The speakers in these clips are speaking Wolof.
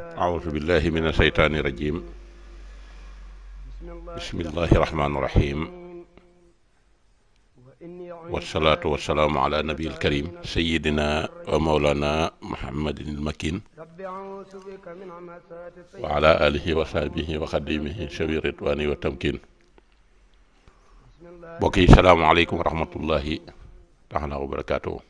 أعوذ بالله من الشيطان الرجيم بسم الله الرحمن الرحيم والصلاة والسلام على نبي الكريم سيدنا ومولانا محمد المكين وعلى آله وصحبه وخديمه شوي الرضوان والتمكين بوكي السلام عليكم ورحمة الله تعالى وبركاته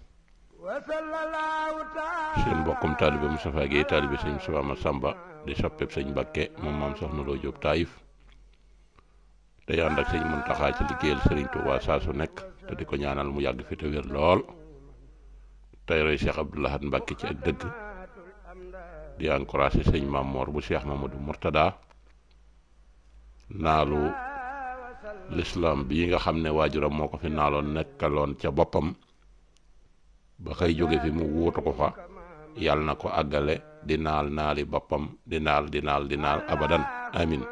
seen mbokkum taalibe Moustapha Guèye taalibe sëñ Moustapha Massamba di soppeb sëñ Mbakke moom maam soxna Lo Diop Taïf tey ànd ak sëñ Muntaxa ci liggéeyal sëriñ Touba saa su nekk te di ko ñaanal mu yàgg fi te wér lool tey roy Cheikh Abdoul Ahad ci ak dëgg di encouragé sëñ Maam Mor bu Cheikh Mamadou Mourtada naalu l'islam bii nga xam ne waajuram moo ko fi naaloon nekkaloon ca boppam ba xëy jóge fi mu wuutu ko fa yàlla na ko àggale di naal naali boppam di naal di naal di naal abadan amin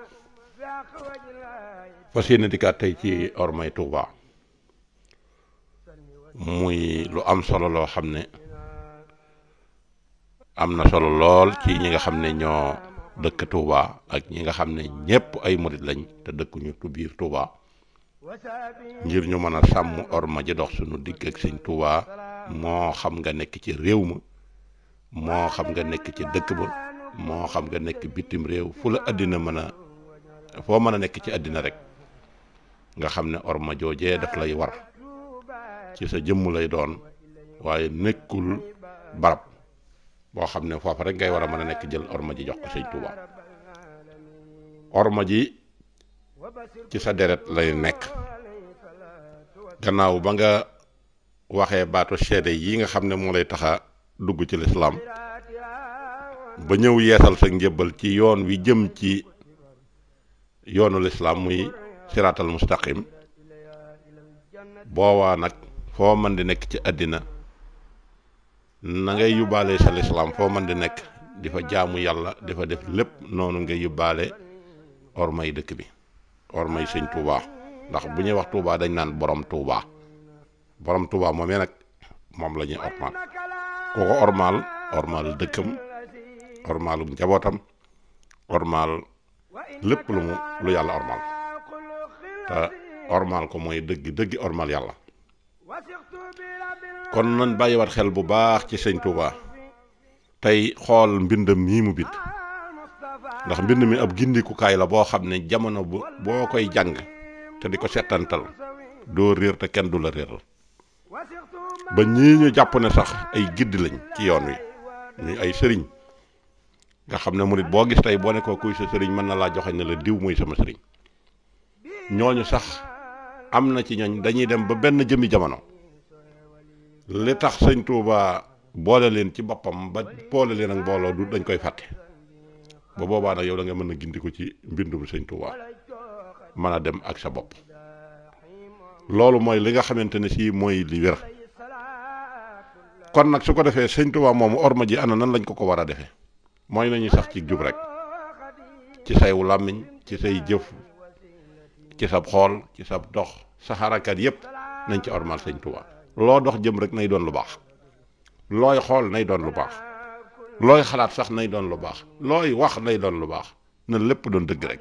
fa yéene dikkaat tey ci ormay Touba muy lu am solo loo xam ne am na solo lool ci ñi nga xam ne ñoo dëkk Touba ak ñi nga xam ne ñépp ay modit lañ te dëkkuñu tu biir Touba ngir ñu mën a sàmm orma ji dox suñu digg ak sëñ moo xam nga nekk ci réew ma moo xam nga nekk ci dëkk ba moo xam nga nekk bitim réew fu la àddina mën a foo mën a nekk ci àddina rek nga xam ne orma joojee daf lay war ci sa jëmm lay doon waaye nekkul barab boo xam ne foofu rek ngay war a mën a nekk jël orma ji jox ko sëñ Tuubaa orma ji ci sa deret lay nekk gannaaw ba nga waxe baatu seede yi nga xam ne moo lay taxa dugg ci lislaam ba ñëw yeesal sa njëbbal ci yoon wi jëm ci yoonu lislaam muy siraatal mustaqim boobaa nag foo mën di nekk ci àddina na ngay yubbaale sa lislaam foo mën di nekk di fa jaamu yàlla di fa def lépp noonu nga yóbbaale ormay dëkk bi ormay sëñ Tuubaa ndax bu ñuy wax Tuubaa dañ naan borom Tuubaa borom Touba moomee nag moom lañuy ñuy ormaal ku ko ormaal ormaal dëkkam ormaalum njabootam ormaal lépp lu mu lu yàlla ormaal te ormaal ko mooy dëgg dëgg ormaal yàlla kon nañ bàyyiwaat xel bu baax ci sëñ Touba tey xool mbindam mii mu bind ndax mbind mi ab gindikukaay la boo xam ne jamono boo koy jàng te di ko seetantal doo réer te kenn du la réeral ba ñii ñu jàpp ne sax ay gidd lañ ci yoon wi ñu ay sëriñ nga xam ne murit boo gis tey boo ne ko kuy sa sëriñ mën na laa joxe ne la diw muy sama sëriñ ñooñu sax am na ci ñooñ dañuy dem ba benn jëmmi jamono li tax sëñ Tuuba boole leen ci boppam ba boole leen ak mbooloo du dañ koy fàtte ba boobaa nag yow da nga mën a gindi ko ci mbindum sëñ Tuuba mën a dem ak sa bopp loolu mooy li nga xamante ne sii mooy li wér kon nag su ko defee sëñ Tuubaa moomu orma ji ana nan lañ ko ko war a defee mooy nañuy sax ci jub rek ci sayu làmmiñ ci say jëf ci sab xool ci sab dox sa xarakaat yépp nañ ci ormal sëñ tubaa loo dox jëm rek nay doon lu baax looy xool nay doon lu baax looy xalaat sax nay doon lu baax looy wax nay doon lu baax ne lépp doon dëgg rek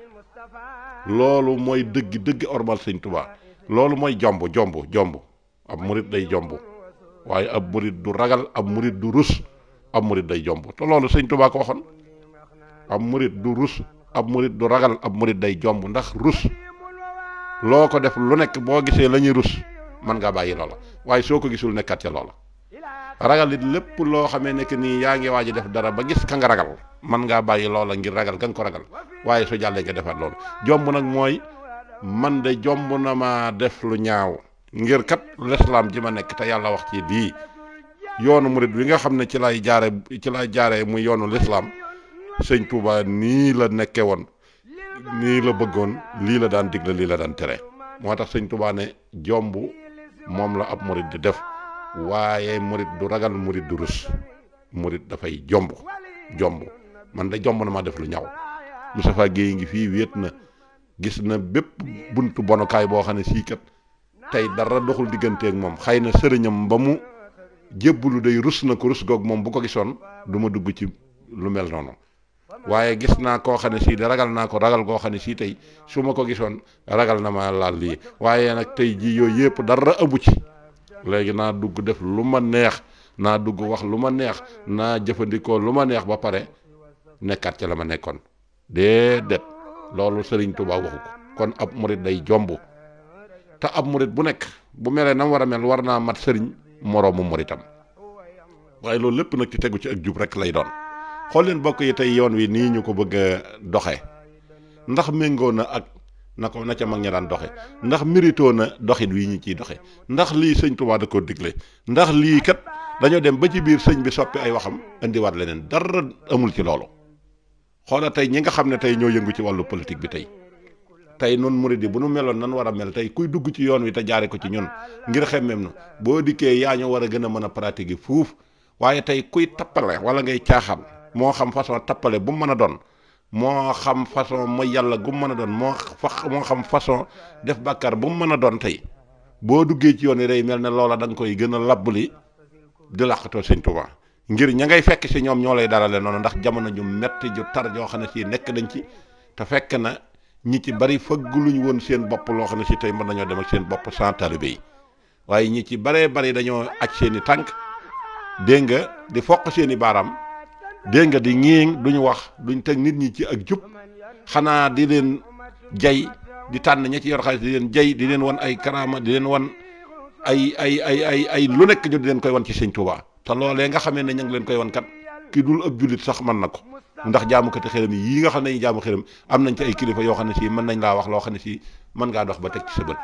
loolu mooy dëgg dëgg ormal sëñ Tuubaa loolu mooy jomb jomb jomb ab murit day jomb waaye ab murit du ragal ab murit du rus ab murit day jomb te loolu sëñ Tuubaa ko waxoon ab murit du rus ab murit du ragal ab murit day jomb ndax rus loo ko def lu nekk boo gisee la ñuy rus mën ngaa bàyyi loola waaye soo ko gisul nekkat ca loola ragal lépp loo xamee nekk nii yaa ngi waaj a def dara ba gis ka nga ragal mën ngaa bàyyi loola ngir ragal ga nga ko ragal waaye su jàllee nga defaat loolu jomb nag mooy man de jomb na maa def lu ñaaw ngir kat lislaam ji ma nekk te yàlla wax ci lii yoonu murit bi nga xam ne ci lay jaare ci lay jaare muy yoonu lislaam sëñ Touba nii la nekke woon nii la bëggoon lii la daan digle lii la daan tere moo tax sëñ Touba ne jomb moom la ab murit di def waaye morit du ragal murit du rus murit dafay jomb jomb man de jomb na maa def lu ñaw Moustapha Guèye ngi fii wéet na gis na bépp buntu bonukaay boo xam ne sii kat tey dara doxul digganteeg moom xëy na sëriñam ba mu jébbalu day rus na ko rus goog moom bu ko gisoon du ma dugg ci lu mel noonu waaye gis naa koo xam ne sii ragal naa ko ragal koo xam ne sii tey su ma ko gisoon ragal na ma laal lii waaye nag tey jii yooyu yëpp dara ëmb ci léegi naa dugg def lu ma neex naa dugg wax lu ma neex naa jëfandikoo lu ma neex ba pare nekkaat ca la ma nekkoon déedéet loolu Sëriñ Tuubaa waxu ko kon ab murit day jomb te ab murit bu nekk bu melee nam war a mel war naa mat sëriñ moroomu moritam waaye loolu lépp nag ci tegu ci ak jub rek lay doon xool leen bokk yi tey yoon wi nii ñu ko bëgg a ndax méngoo na ak na ko na ca mag ña daan doxe ndax méritoo na doxit wi ñu ciy doxe ndax lii sëñ Tuubaa da koo digle ndax lii kat dañoo dem ba ci biir sëñ bi soppi ay waxam indiwaat leneen dara amul ci loolu xoola tey ñi nga xam ne tey ñoo yëngu ci wàllu politique bi tey tey nun murid yi bu nu meloon nan war a mel tey kuy dugg ci yoon wi te jaare ko ci ñun ngir xemmem nu boo dikkee yaa ñu war a gën a mën a pratiquer fuuf waaye tey kuy tappale wala ngay caaxaan moo xam façon tappale bu mu mën a doon moo xam façon mooy yàlla gu mën a doon moo fa moo xam façon def bàkkaar bu mu mën a doon tey boo duggee ci yoon wi day mel ne loola da koy gën a labbali di làqatoo sëñ Tuubaa ngir ña ngay fekk si ñoom ñoo lay darale noonu ndax jamono ju metti ju tar joo xam ne si nekk dañ ci ñi ci bari ñu woon seen bopp loo xam ne si tey man dañoo dem ak seen bopp sans talibé yi waaye ñi ci baree bari dañoo aj seen tànk dégg di foq seeni baaraam dégg nga di ñéeng duñ wax duñ teg nit ñi ci ak jub xanaa di leen jay di tànn ña ci yor xaalis di leen jay di leen wan ay karaama di leen wan ay ay ay ay ay lu nekk ñu di leen koy wan ci sëñ Touba te loolee nga xamee ne ña ngi leen koy wan kat ki dul ab jullit sax mën na ko ndax jaamukati xërëm yi nga xam ne jaamu xërëm am nañ ci ay kilifa yoo xam ne si mën nañ laa wax loo xam ne si mën ngaa dox ba teg ci sa bët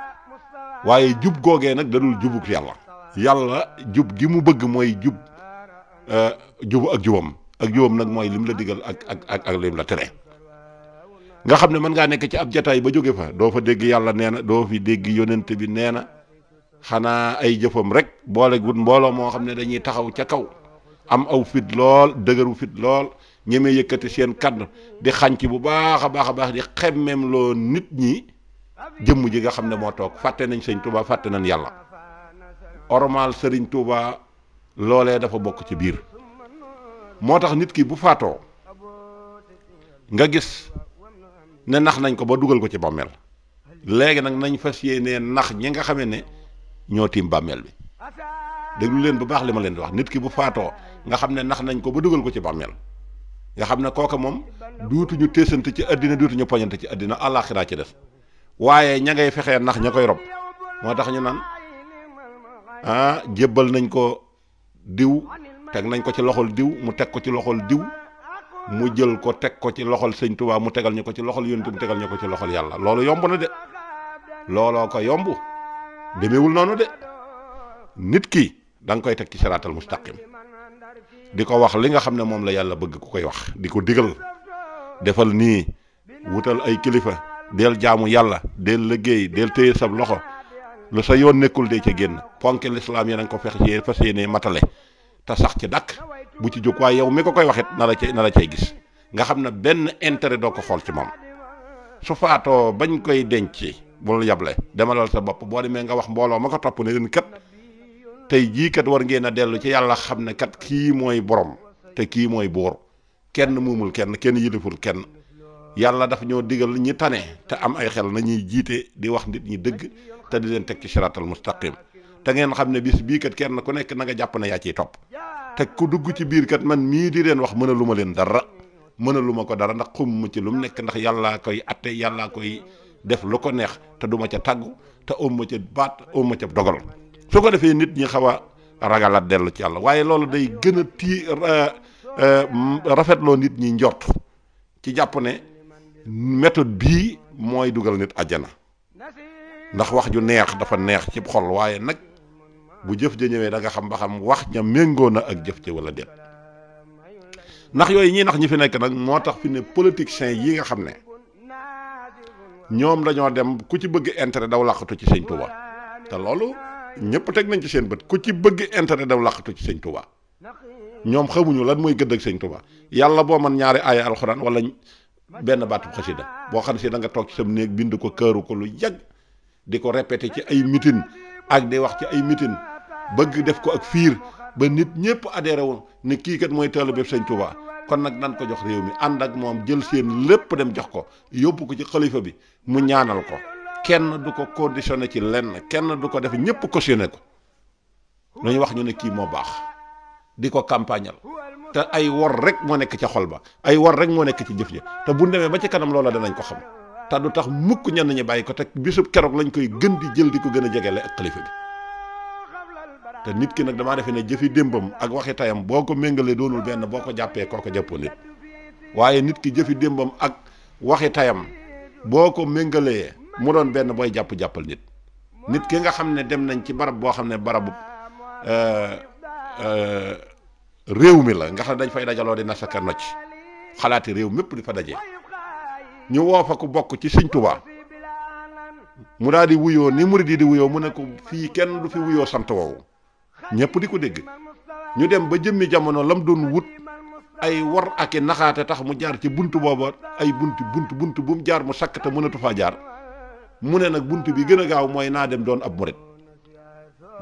waaye jub googee nag dadul jubuk yàlla yàlla jub gi mu bëgg mooy jub euh, jubu ak jubam ak jubam nag mooy lim la digal ak ak ak ak lim la tere nga xam ne mën ngaa nekk ci ab jataay ba jóge fa doo fa dégg yàlla nee na doo fi dégg yonent bi nee na xanaa ay jëfam rek boole wut mbooloo moo xam ne dañuy taxaw ca kaw am aw fit lool dëgëru fit lool ñemee yëkkati seen kàddu di xànc bu baax a baax a baax di xemmeem loo nit ñi jëmm ji nga xam ne moo toog fàtte nañ sëñ Touba fàtte nañ yàlla ormal sëriñ Touba loolee dafa bokk ci biir moo tax nit ki bu faatoo nga gis ne nax nañ ko ba dugal ko ci bàmmeel léegi nag nañ fas yéenee nax ñi nga xame ne ñoo tiim bàmmeel bi déglu leen bu baax li ma leen di wax nit ki bu faatoo nga xam ne nax nañ ko ba dugal ko ci bàmmeel nga xam ne kooka moom duutuñu téesante ci àddina duutuñu poñante ci àddina àllaaxiraa ci def waaye ña ngay fexee nax ña koy rob moo tax ñu naan ah jébbal nañ ko diw teg nañ ko ci loxol diw mu teg ko ci loxol diw mu jël ko teg ko ci loxol sëñ Tuubaa mu tegal ñu ko ci loxol yonent mu tegal ñu ko ci loxol yàlla loolu yomb na de looloo ko yomb demeewul noonu de nit ki da koy teg ci siraatal mustaqim di ko wax li nga xam ne moom la yàlla bëgg ku koy wax di ko digal defal nii wutal ay kilifa del jaamu yàlla del liggéey del téye sab loxo lu sa yoon nekkul dee ca génn ponk lislaam yi na nga ko fex ci fas yéene matale te sax ci dakk bu ci jóg waaye yow mi ko koy waxit na la cay na la cay gis nga xam ne benn intérêt doo ko xool ci moom su faatoo bañ koy denc bul yable demalal sa bopp boo demee nga wax mbooloo ma ko topp ne leen kat tey jii kat war ngeen a dellu ci yàlla xam ne kat kii mooy borom te kii mooy buur kenn muumul kenn kenn yiliful kenn yàlla daf ñoo digal ñi tane te am ay xel nañuy jiite di wax nit ñi dëgg te di leen teg ci siraatal mustaqim te ngeen xam ne bis bii kat kenn ku nekk na nga jàpp na yaa ciy topp te ku dugg ci biir kat man mii di leen wax mën a lu ma leen dara mën a lu ma ko dara ndax xumm ci lu mu nekk ndax yàllaa koy atte yàllaa koy def lu ko neex te duma ca tàggu te umma baat umma ca dogal su ko defee nit ñi xaw a ragalaat dellu ci yàlla waaye loolu day gën a tii euh, mm, rafetloo nit ñi njort ci jàpp ne métode bii mooy dugal nit àjjana ndax wax ju neex dafa neex ci xol waaye nag bu jëf ja ñëwee da nga xam ba xam wax ña méngoo na ak jëf ja wala déet ndax yooyu ñii nax ñi fi nekk nag moo tax fi ne politiciens yi nga xam ne ñoom dañoo dem ku ci bëgg intere daw làqatu ci sëñ Tuuba te loolu ñëpp teg nañ ci seen bët ku ci bëgg intérêt daw làqatu ci sëñ Touba ñoom xamuñu lan mooy gëdd ak sëñ Touba yàlla boo man ñaari aaya alxuraan wala benn baatub xasida boo xam si da nga toog ci sam néeg bind ko këru ko lu yàgg di ko répété ci ay mitin ak di wax ci ay mitin bëgg def ko ak fiir ba nit ñëpp adhéré woon ne kii kat mooy taalibe sëñ Touba kon nag nan ko jox réew mi ànd ak moom jël seen lépp dem jox ko yóbbu ko ci xalifa bi mu ñaanal ko kenn du ko conditionné ci lenn kenn du ko def ñëpp cautionné ko ñu wax ñu ne kii moo baax di ko campagnal te ay war rek moo nekk ca xol ba ay war rek moo nekk ci jëf ja te bu demee ba ci kanam loola danañ ko xam te du tax mukk ñenn ñi bàyyi ko te bisub keroog lañ koy gën di jël di ko gën a jegele ak xalifa bi te nit ki nag damaa defe ne jëfi démbam ak waxi tayam boo ko méngalee doonul benn boo ko jàppee koo ko jàppoo nit waaye nit ki jëfi démbam ak waxi tayam boo ko méngalee mu doon benn booy jàpp-jàppal nit nit ki nga xam ne dem nañ ci barab boo xam ne barabu euh, euh, réew mi la nga xam ne dañ fay dajaloo di nasaka nocc xalaate réew mépp di fa daje ñu woo fa bokk ci Sëñ Tuubaa mu daal di wuyoo ni murid yi di wuyoo mu ne ko fii kenn du fi wuyoo sant woowu ñëpp di ko dégg ñu dem ba jëmmi jamono lam doon wut ay war ak i naxaate tax mu jaar ci bunt booba ay bunt bunt bunt bu mu jaar mu sakk te mënatu faa jaar mu ne nag bunt bi gën a gaaw mooy naa dem doon ab murit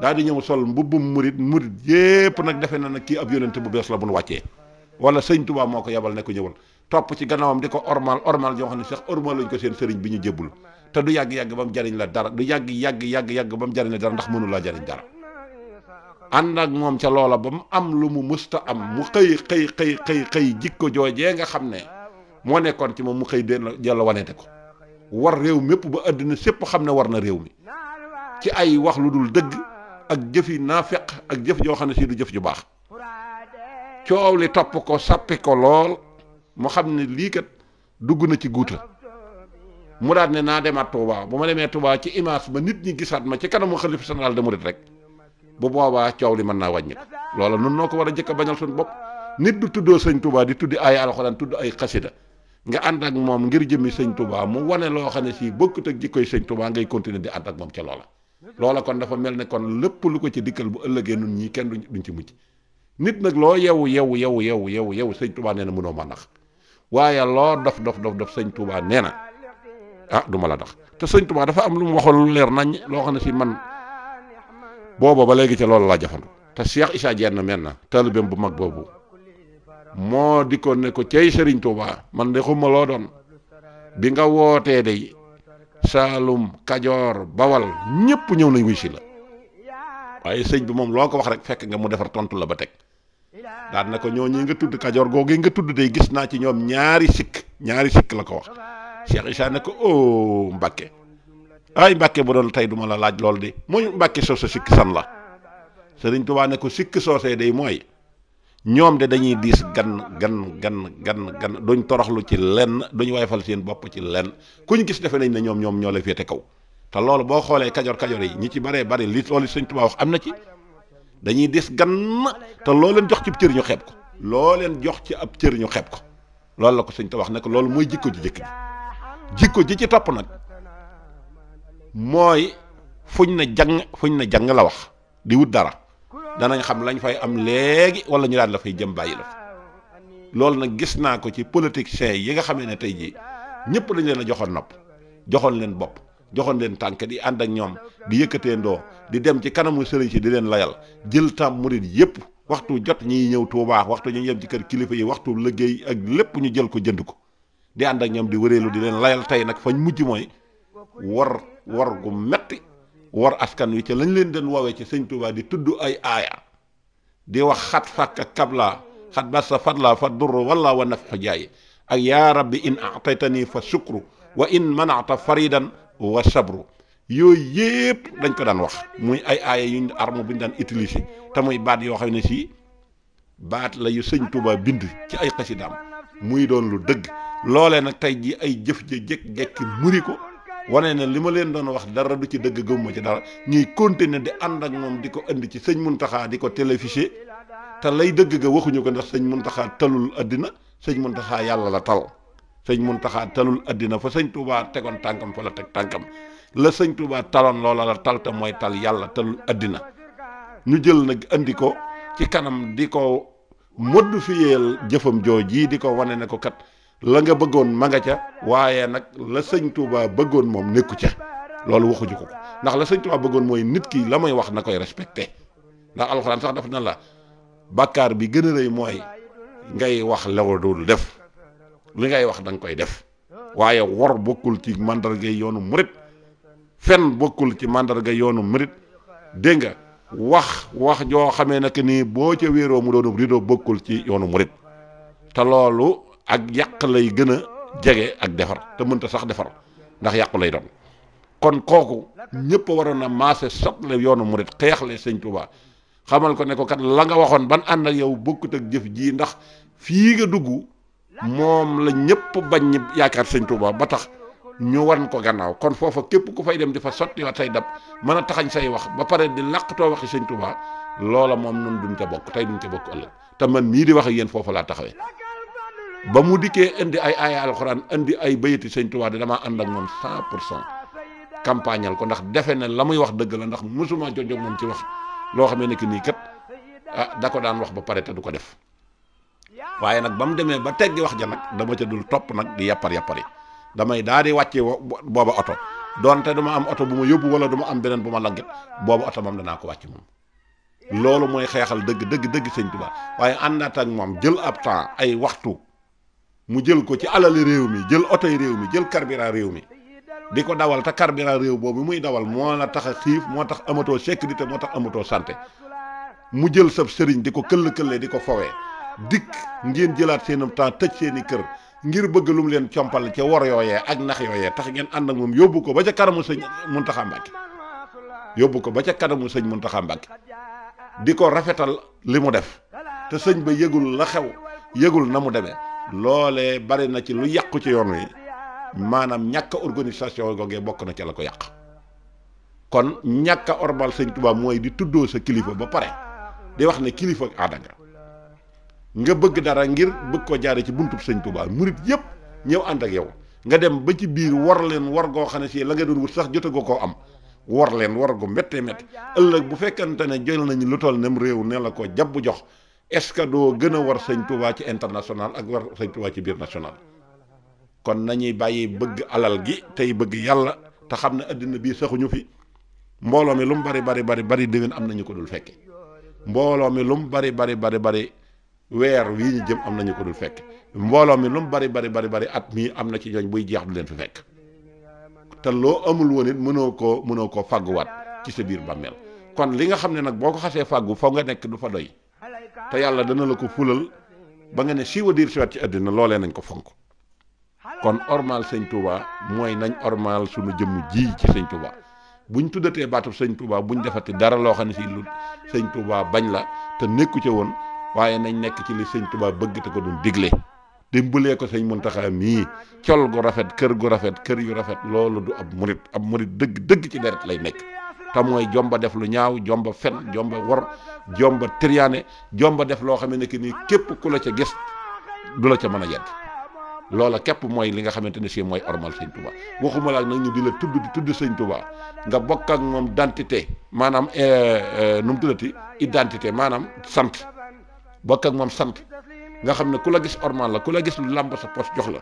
daal di ñëw sol mbubbum murit murit yépp nag defe na nag kii ab yonent bu bees la bu nu wàccee wala sëñ Tuubaa moo ko yebal ne ko ñëwal topp ci gannaawam di ko ormal ormal yoo xam ne sax ormal lañ ko seen sëriñ bi ñu jébbul te du yàgg-yàgg ba mu jariñ la dara du yàgg yàgg yàgg yàgg ba mu jariñ la dara ndax mënu laa jariñ dara ànd ak moom ca loola ba mu am lu mu musta am mu xëy xëy xëy xëy xëy jikko joojee nga xam ne moo nekkoon ci moom mu xëy delloo waneete ko war réew mépp ba àddina sépp xam ne war na réew mi ci ay wax lu dul dëgg ak jëfi naafeq ak jëf joo xam ne si du jëf ju baax coow li topp ko sàppi ko lool mu xam ne lii kat dugg na ci guuta mu daat ne naa demaat Touba bu ma demee Touba ci image ba nit ñi gisaat ma ci kanamu xalif général de Mouride rek bu boobaa coow li mën naa wàññi loola nun noo ko war a jëkk bañal suñu bopp nit du tuddoo sëñ Touba di tuddi ay alxuraan tudd ay xasida nga ànd ak moom ngir jëmmi sëñ tubaa mu wane loo xam ne si bokkut ak jikkoy sëñ Touba ngay continuer di ànd ak moom ca loola. loola kon dafa mel ne kon lépp lu ko ci dikkal bu ëllëgee nun ñii kenn duñ ci mucc nit nag loo yewu yewu yewu yewu yewu yewu sëñ tubaa nee na mënoo ma nax waaye loo dof dof dof dof sëñ Touba nee na ah duma la nax te sëñ Touba dafa am lu mu waxoon leer nañ loo xam ne si man booba ba léegi ca loolu laa jafandu te Cheikh Issa Diène mel na taalibeem bu mag boobu. moo di ko ne ko cey Serigne Touba man de xuma loo doon bi nga wootee day Saalum Kajoor Bawal ñëpp ñëw nañ wuy si la waaye sëñ bi moom loo ko wax rek fekk nga mu defar tontu la ba teg daan na ko ñi nga tudd Kajoor googu nga tudd day gis naa ci ñoom ñaari sikk ñaari sikk la ko wax Cheikh Issa ne ko oh Mbacke ay Mbacke bu doon tey duma la laaj lool di mu Mbacke soo sa sikk san la Serigne Touba ne ko sikk soosee day mooy. ñoom de dañuy diis gan gan gan gan gan duñ toroxlu ci lenn duñ wayfal seen bopp ci lenn kuñ gis defe nañ ne ñoom ñoom ñoo la féete kaw te loolu boo xoolee kajoor kajoor yi ñu ci baree bari li loolu sëñ Tuubaa wax am na ci dañuy diis gan te loo leen jox ci cër ñu xeeb ko loo leen jox ci ab cër ñu xeeb ko loolu la ko sëñ Tuubaa wax ne loolu mooy jikko ji jëkk ji jikko ji ci topp nag mooy fuñ na jàng fuñ na jàng la wax di wut dara danañ xam lañ fay am léegi wala ñu daan la fay jëm bàyyi la fa loolu nag gis naa ko ci politiciens yi nga xamee ne tey jii ñëpp dañ leen a joxoon nopp joxoon leen bopp joxoon leen tànk di ànd ak ñoom di yëkkatee ndoo di dem ci kanamu sëriñ si di leen layal jël tam murid yëpp waxtu jot ñiy ñëw Tuubaa waxtu ñu yem ci kër kilifa yi waxtu liggéey ak lépp ñu jël ko jënd ko di ànd ak ñoom di wëreelu di leen layal tey nag fañ mujj mooy war war metti war askan wi ci lañ leen den woowee ci sëñ Touba di tudd ay aaya di wax xat fakka kabla xat bassa fadla fa durru walla wa nafa jaay ak yaa rabbi in ataytani fa sukru wa in manata faridan wa sabru yooyu yëpp dañ ko daan wax muy ay aaya yuñ arme bu ñu daan utiliser te muy baat yoo xam ne si baat la yu sëñ Touba bind ci ay xasidaam muy doon lu dëgg loole nag tey ji ay jëf ja jëkk-jekki muri ko wane na li ma leen doon wax dara du ci dëgg gëmuma ci dara ñuy continuer di ànd ak moom di ko indi ci sëñ mun taxaa di ko téléfiché te lay dëgg ga waxuñu ko ndax sëñ mun Muntaxa talul àddina sëñ mun taxaa yàlla la tal sëñ mun Muntaxa talul àddina fa sëñ Touba tegoon tànkam fa la teg tànkam la sëñ Touba taloon loola la tal te mooy tal yàlla talul àddina ñu jël nag andi ko ci kanam di ko modifiyeel jëfam jooj yi di ko wane ne ko kat la nga bëggoon ma nga ca waaye nag la sëñ Touba bëggoon moom nekku ca loolu waxuñu ko ndax la sëñ Touba bëggoon mooy nit ki la muy wax na koy respecté ndax alxuraan sax daf na la bàkkaar bi gën a rëy mooy ngay wax law du def li ngay wax danga koy def waaye wor bokkul ci mandarga yoonu murit fen bokkul ci màndarga yoonu murit dégg nga wax wax joo xamee nag nii boo ca wéeroo mu doonu rido bokkul ci yoonu murit te loolu ak yàq lay gën a jege ak defar te mënta sax defar ndax yàqu lay doon kon kooku ñëpp waroon a maase sotle yoonu murit xeexle sëñ Tuubaa xamal ko ne ko kat la nga waxoon ban ànd ak yow bokkut ak jëf jii ndax fii nga dugg moom la ñëpp bañ ñi yaakaar sëñ Tuubaa ba tax ñu wan ko gannaaw kon foofa képp ku fay dem di fa sottiwaat say dab mën a taxañ say wax ba pare di làqtoo waxi sëñ Tuubaa loola moom nun duñ ca bokk tey duñ ca bokk ëllëg te man mii di wax yéen foofa laa taxawee ba mu dikkee indi ay aaya alxuraan indi ay bayiti sëñ Tuubaa di damaa ànd ak moom cent pour cent campagnal ko ndax defe ne la muy wax dëgg la ndax mosuma jojo moom ci wax loo xamee ne que nii kat ah da ko daan wax ba pare te du ko def waaye nag ba mu demee ba teggi wax ja nag dama ca dul topp nag di yappar yappar yi damay daa di wàcce booba oto doonte duma am oto bu ma yóbbu wala duma am beneen bu ma langet booba oto moom danaa ko wàcc moom loolu mooy xeexal dëgg dëgg dëgg sëñ waaye àndaat ak moom jël ab temps ay waxtu mu jël ko ci alali réew mi jël oto yi réew mi jël carburant réew mi di ko dawal te carburant réew boobu muy dawal moo la tax a xiif moo tax amatoo sécurité moo tax amatoo sante mu jël sab sëriñ di ko këll këlle di ko fowee dikk ngeen jëlaat seenam temps tëj seeni kër ngir bëgg lu mu leen compal ca wor yooyee ak nax yooyee tax ngeen ànd ak moom yóbbu ko ba ca kanamu sëñ Muntaxa Mbàkke yóbbu ko ba ca kanamu sëñ Muntaxa Mbàkke di ko rafetal li mu def te sëñ ba yëgul la xew yëgul na mu demee loole bari na ci lu yàqu ci yoon wi maanaam ñàkk organisation googee bokk na ca la ko yàq kon ñàkk a ormal sëñ Tuubaa mooy di tuddoo sa kilifa ba pare di wax ne kilifa ak aada nga nga bëgg dara ngir bëgg ko jaare ci buntub sëñ Tuubaa murit yépp ñëw ànd ak yow nga dem ba ci biir war leen war goo xam ne si la nga doon wut sax jotagoo koo am war leen war gu méttee méttee ëllëg bu fekkante ne jël nañu lu toll nem réew ne la ko jàpp jox est-ce que doo gën a war sëñ Touba ci international ak war sëñ Touba ci biir national kon nañuy bàyyi bëgg alal gi tey bëgg yàlla te xam ne àddina bii saxuñu fi mbooloo mi lu mu bari bari bari bari déwén am nañu ko dul fekke mbooloo mi lu mu bari bari bari bari weer wii jëm am nañu ko dul fekk mbooloo mi lu mu bari bari bari bari at mii am na ci ñooñ buy jeex du leen fi fekk te loo amul woon it mënoo koo mënoo koo fàgguwaat ci sa biir bàmmeel kon li nga xam ne nag boo ko xasee fàggu foo nga nekk du fa doy te yàlla dana la ko fulal ba nga ne siiwa diir siwaat ci àddina loolee nañ ko fonk kon ormal sëñ Touba mooy nañ ormal suñu jëmm ji ci sëñ Touba buñ tuddatee baatub sëñ Touba buñ defati dara loo xam ne si lu sëñ Touba bañ la te nekku ca woon waaye nañ nekk ci li sëñ Touba bëgg te ko doon digle dimbalee ko sëñ Muntaxa nii col gu rafet kër gu rafet kër yu rafet loolu du ab murit ab murit dëgg dëgg ci deret lay nekk te mooy jomba def lu ñaaw jomba jomba wor jomba triané jomba def loo xam ne nii képp ku la ca gis du la ca mën a yedd loola képp mooy li nga xamante ne sii mooy ormal sëñ Touba waxuma la ñu di la tudd di tudd sëñ Touba nga bokk ak moom identité maanaam eh, eh, nu mu tuddati identité maanaam sant bokk ak moom sant nga xam ne ku la gis ormal la ku la gis lu làmb sa poche jox la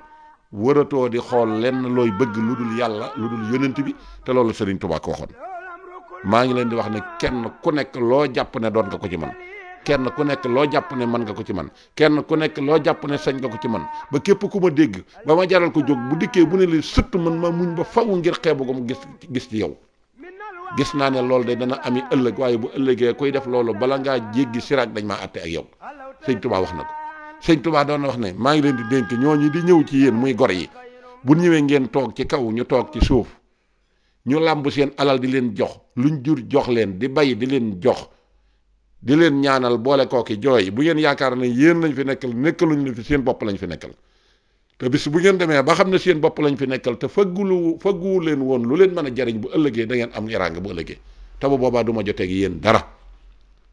wëratoo di xool lenn looy bëgg lu dul yàlla lu dul yonent bi te loolu sëriñ Touba ko waxoon. maa ngi leen di wax ne kenn ku nekk loo jàpp ne doon nga ko ci man kenn ku nekk loo jàpp ne mën nga ko ci man kenn ku nekk loo jàpp ne sañ nga ko ci man ba képp ku ma dégg ba ma jaral ko jóg bu dikkee bu ne li sëtt man ma muñ ba faw ngir xeebu ko mu gis gis ci yow gis naa ne loolu de dana ami ëllëg waaye bu ëllëgee kuy def loolu bala ngaa jéggi siraat dañ maa àtte ak yow sëñ Tuubaa wax na ko sëñ Tuubaa doon na wax ne maa ngi leen di dénk ñooñu di ñëw ci yéen muy gor yi bu ñëwee ngeen toog ci kaw ñu toog ci suuf ñu làmb seen alal di leen jox luñ jur jox leen di bay di leen jox di leen ñaanal boole kooki jooy bu ngeen yaakaar ne yéen lañ fi nekkal nekkaluñ la fi seen bopp lañ fi nekkal te bis bu ngeen demee ba xam ne seen bopp lañ fi nekkal te fëggulu fëgguwu leen woon lu leen mën a jariñ bu ëllëgee da ngeen am yaraanga bu ëllëgee te bu boobaa duma ma joteeg dara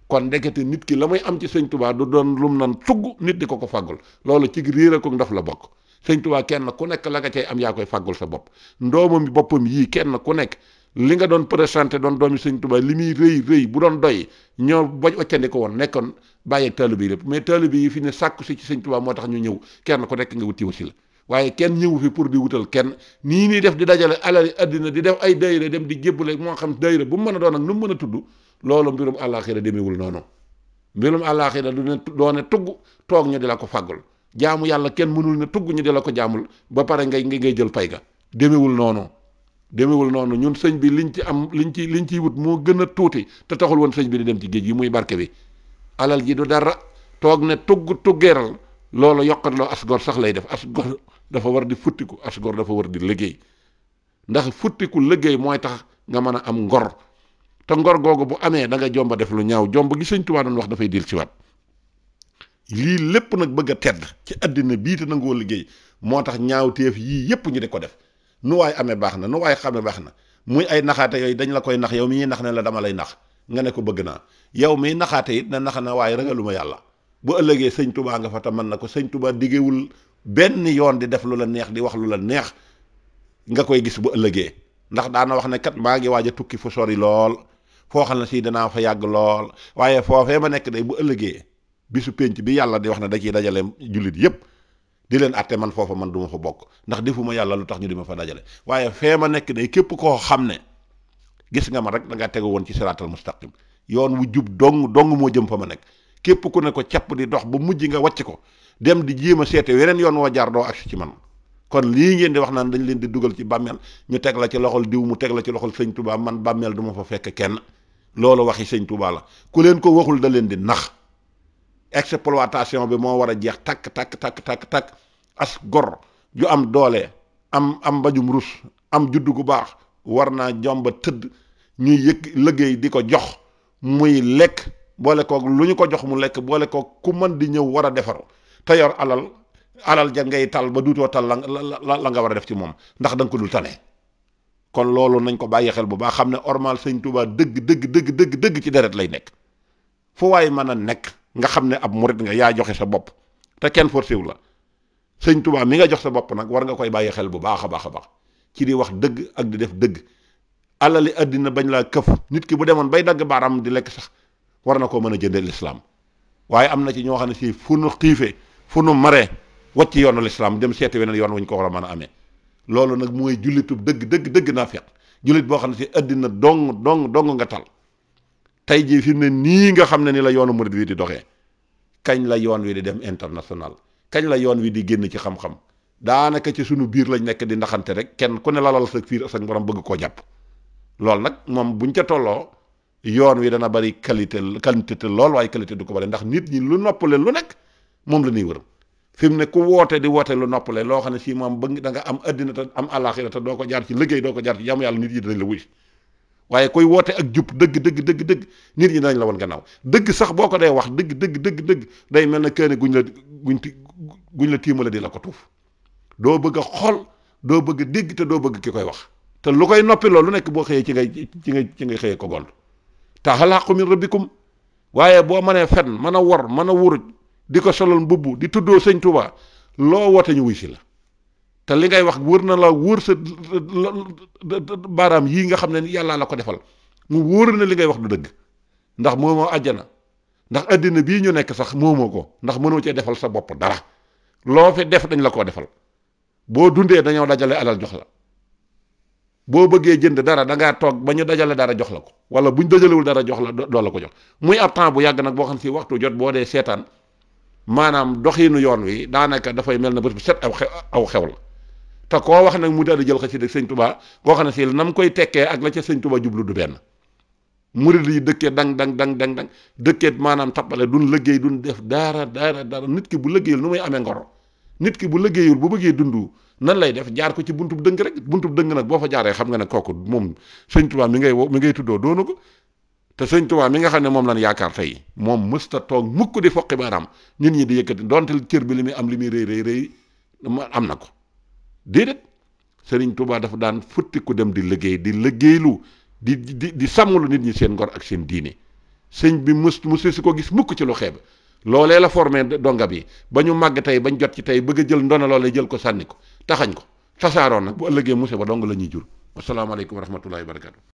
kon ndekete nit ki la muy am ci sëñ Tuubaa du doon lum nan tugg nit di ko ko faggul loolu cig réer ak ndof la bokk sëñ Tuubaa kenn ku nekk la nga cay am yaa koy fàggul sa bopp ndoomam boppam yii kenn ku nekk li nga doon présenté doon doomi sëñ Tuubaa li muy rëy rëy bu doon doy ñoo bañ waccandi ko woon nekkoon bàyyeeg taalibe yi lépp mais taalibe yi fi ne sàkku si ci sëñ Tuubaa moo tax ñu ñëw kenn ku nekk nga wuti wasi la waaye kenn ñëwu fi pour di wutal kenn nii nii def di dajale alali àddina di def ay dayra dem di jébbale moo xam dayra bu mu mën a doon ak nu mu mën a tudd loolu mbirum àllaaxira demeewul noonu mbirum àllaaxira du ne doone toog ñu di la ko fàggul jaamu yàlla kenn mënul ne tugg ñu di la ko jaamul ba pare ngay ngay jël pay ga demewul noonu demewul noonu ñun sëñ bi liñ ci am liñ ci liñ ciy wut moo gën a tuuti te taxul woon sëñ bi di dem ci géej gi muy barke bi alal ji du dara toog ne tugg tuggeeral loolu loo asgor sax lay def asgor dafa war di futtiku asgor dafa war di liggéey ndax futtiku liggéey mooy tax nga mën a am ngor te ngor googu bu amee da nga jomba def lu ñaaw jomb gi sëñ Tuubaa doon wax dafay dil ci waat lii lépp nag bëgg a tedd ci àddina bii te nangoo liggéey moo tax ñaaw ñaawteef yii yëpp ñu di ko def nu waay amee baax na nu waay xamee baax na muy ay naxaate yooyu dañ la koy nax yow mi ñuy nax ne la dama lay nax nga ne ko bëgg naa yow mii naxaate yi na nax na waaye ragaluma yàlla bu ëllëgee sëñ tubaa nga fa te mën na ko sëñ tubaa diggéewul benn yoon di def lu la neex di wax lu la neex nga koy gis bu ëllëgee ndax daana wax ne kat maa ngi waaj a tukki fu sori lool foo xam ne si danaa fa yàgg lool waaye foofee ma nekk day bu ëllëgee bisu pénc bi yàlla di wax na da ciy dajale jullit di leen atte man foofa man du ma fa bokk ndax defuma yàlla lu tax ñu di fa dajale waaye fee ma nekk day képp koo xam ne gis nga ma rek da ngaa tegu woon ci siraatal mustaqim yoon wu jub dong dong moo jëm fa ma nekk képp ku ne ko capp di dox ba mujj nga wàcc ko dem di jéem a seete weneen yoon woo jaar doo ci man kon lii ngeen di wax naan dañ leen di dugal ci bàmmeel ñu teg la ci loxol diw mu teg la ci loxol sëñ Touba man bàmmeel duma ma fa fekk kenn loolu waxi sëñ Touba la ku leen ko waxul da leen di nax exploitation bi moo war a jeex takk takk takk takk takk as gor ju am doole am am mbajum rus am judd gu baax war naa jomba tëdd ñuy yëkk liggéey di ko jox muy lekk boole kook lu ñu ko jox mu lekk boole koog ku mën di ñëw war a defaru te alal alal ja ngay tal ba duutoo tal la la la nga war a def ci moom ndax da ko dul tane kon loolu nañ ko bàyyi xel bu baax xam ne ormal sëñ Tuubaa dëgg dëgg dëgg dëgg dëgg ci deret lay nekk fu waay mën a nekk nga xam ne ab murit nga yaa joxe sa bopp te kenn forcé wu la sëñ Tuubaa mi nga jox sa bopp nag war nga koy bàyyi xel bu baax a baax a baax ci di wax dëgg ak di def dëgg alali àddina bañ laa këf nit ki bu demoon bay dagg baaraam di lekk sax war na koo mën a jëndee lislaam waaye am na ci ñoo xam ne si fu nu xiifee fu nu maree wacc yoonu lislaam dem seeti weneen yoon wuñ ko war a mën a amee loolu nag mooy jullitu dëgg dëgg dëgg naa feq jullit boo xam ne si àddina dong dong dong nga tal tey jii fim mu ne nii nga xam ne ni la yoonu murid wi di doxee kañ la yoon wi di dem international kañ la yoon wi di génn ci xam-xam daanaka ci sunu biir lañ nekk di ndaxante rek kenn ku ne lalal sa fiir sa borom bëgg koo jàpp loolu nag moom buñ ca tolloo yoon wi dana bari qualité quantité lool waaye qualité du ko bari ndax nit ñi lu leen lu nekk moom la ñuy wër fi mu ne ku woote di woote lu noppale loo xam ne sii moom bëgg da nga am addina te am jaar ci liggéey doo ko jaar yàlla nit yi dinañ la wuy waaye koy woote ak jub dëgg dëgg dëgg dëgg nit ñi dañ la woon gannaaw dëgg sax boo ko dee wax dëgg dëgg dëgg dëgg day mel ne këne guñ la guñ ti guñ la tiimale di la ko tuuf doo bëgg a xool doo bëgg a dégg te doo bëgg ki koy wax te lu koy noppi loolu nekk boo xëyee ci ngay ci nga ci ngay xëyee ko gont te alxaqu min rabbikum waaye boo mënee fen mën a wor mën a wuruj di ko solal mbubb di tuddoo sëñ Tuubaa loo woote ñu wuy si la te li ngay wax wër na la wóor sa baaraam yii nga xam ne yàllaa la ko defal mu wóor na li ngay wax du dëgg ndax moomoo àjjana ndax àddina bii ñu nekk sax moomoo ko ndax mënoo cee defal sa bopp dara loo fi def dañ la koo defal boo dundee dañoo dajale alal jox la boo bëggee jënd dara da ngaa toog ba ñu dajale dara jox la ko wala buñ dajalewul dara jox la doo la ko jox muy ab temps bu yàgg nag boo xam si waxtu jot boo dee seetaan maanaam doxiinu yoon wi daanaka dafay mel na bés bu set aw xew aw xew la te koo wax nag mu daal di jël xasida sëñ Tuubaa koo xam ne si nam koy tekkee ak la ca sëñ Tuubaa jublu du benn murid yi dëkkee dang dang dang dang dang dëkkee maanaam tappale duñ liggéey duñ def dara dara dara nit ki bu liggéeyul nu muy amee ngoro nit ki bu liggéeyul bu bëggee dund nan lay def jaar ko ci buntub dëng rek buntub dëng nag boo fa jaaree xam nga ne kooku moom sëñ Tuubaa mi ngay wo mi ngay tuddoo doonu ko te sëñ Tuubaa mi nga xam ne moom lan yaakaar tey moom mësta toog mukk di foqi baaraam nit ñi di yëkkati donte cër bi li muy am li muy rëy rëy rëy am na ko déedéet Serigne tubaa dafa daan futti dem di liggéey di liggéeylu di di di sàmmlu nit ñi seen ngor ak seen diine sëñ bi mës mësu si ko gis mukk ci lu xeeb loolee la formé donga bi ba ñu màgg tey bañ jot ci tey bëgg a jël ndona loolee jël ko sànni ko taxañ ko tasaaroon nag bu ëllëgee ba dong la ñuy jur wasalaamaaleykum wa rahmatullahi wa barakatu